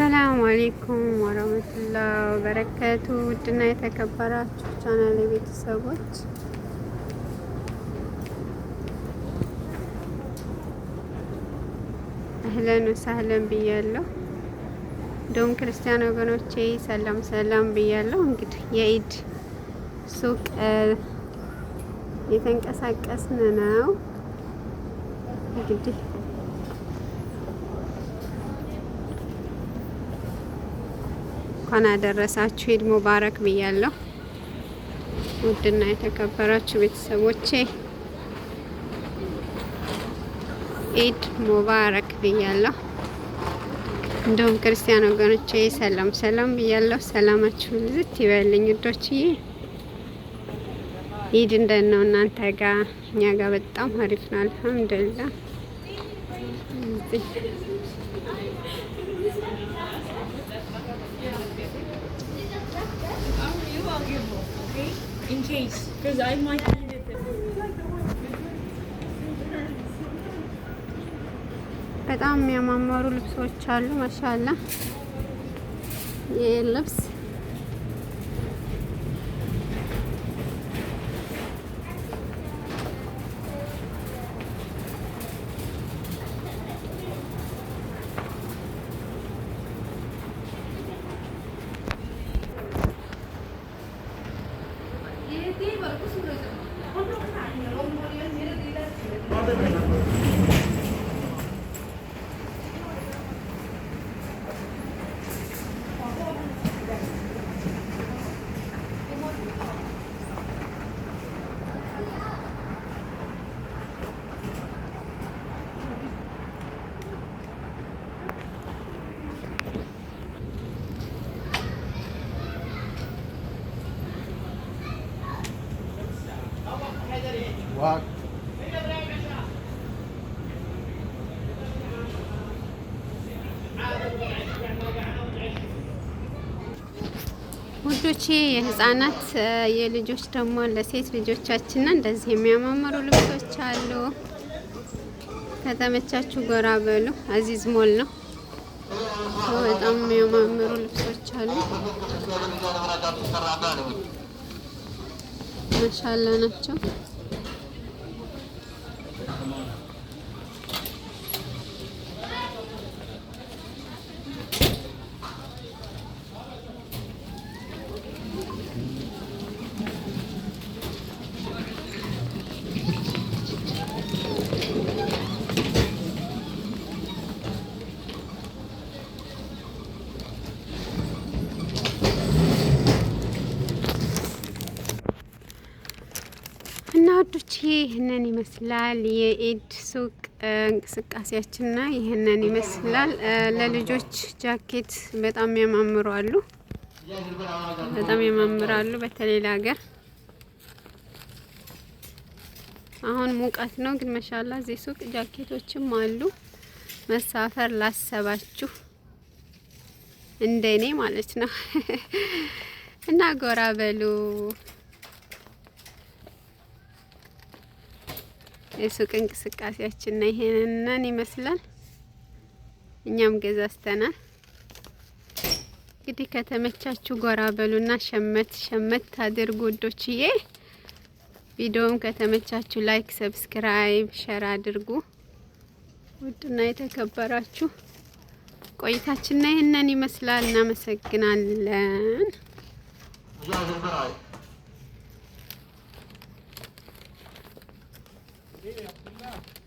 አሰላሙ አሌይኩም ወረህመቱላሂ ወበረከቱ። ውድና የተከበራችሁ ቻናል ቤተሰቦች አህለን ሳህለን ብያለሁ። እንዲሁም ክርስቲያን ወገኖቼ ሰላም ሰላም ብያለሁ። እንግዲህ የኢድ ሱቅ የተንቀሳቀስን ነው እንግዲህ እንኳን አደረሳችሁ ኢድ ሙባረክ ብያለሁ። ውድና የተከበራችሁ ቤተሰቦቼ ኢድ ሙባረክ ብያለሁ። እንደውም ክርስቲያን ወገኖቼ ሰላም ሰላም ብያለሁ። ሰላማችሁ ልዝት ይበልኝ ውዶችዬ። ኢድ እንደት ነው እናንተ ጋር? እኛ ጋር በጣም አሪፍ ነው፣ አልሐምዱሊላህ። case because I might need it. በጣም የሚያማምሩ ልብሶች አሉ። ማሻአላ ይህ ልብስ Bak. ውዶቼ የህፃናት የልጆች ደግሞ ለሴት ልጆቻችን እንደዚህ የሚያማምሩ ልብሶች አሉ። ከተመቻችሁ ጎራ በሉ። አዚዝ ሞል ነው። በጣም የሚያማምሩ ልብሶች አሉ። ማሻላ ናቸው። ውዶች ይህንን ይመስላል የኢድ ሱቅ እንቅስቃሴያችንና ይህንን ይመስላል። ለልጆች ጃኬት በጣም ያማምሩ አሉ፣ በጣም ያማምራሉ። በተሌላ ሀገር አሁን ሙቀት ነው፣ ግን መሻላ እዚህ ሱቅ ጃኬቶችም አሉ። መሳፈር ላሰባችሁ እንደኔ ማለት ነው እና ጎራ በሉ። የሱቅ እንቅስቃሴያችን ነው ይሄንን ይመስላል። እኛም ገዛዝተናል። እንግዲህ ከተመቻችሁ ጎራ በሉና ሸመት ሸመት አድርጉ ውዶችዬ። ቪዲዮም ከተመቻችሁ ላይክ፣ ሰብስክራይብ፣ ሸር አድርጉ። ውድና የተከበራችሁ ቆይታችን ይህንን ይመስላል። እናመሰግናለን። 내일 예, 약속입니다. 예, 예.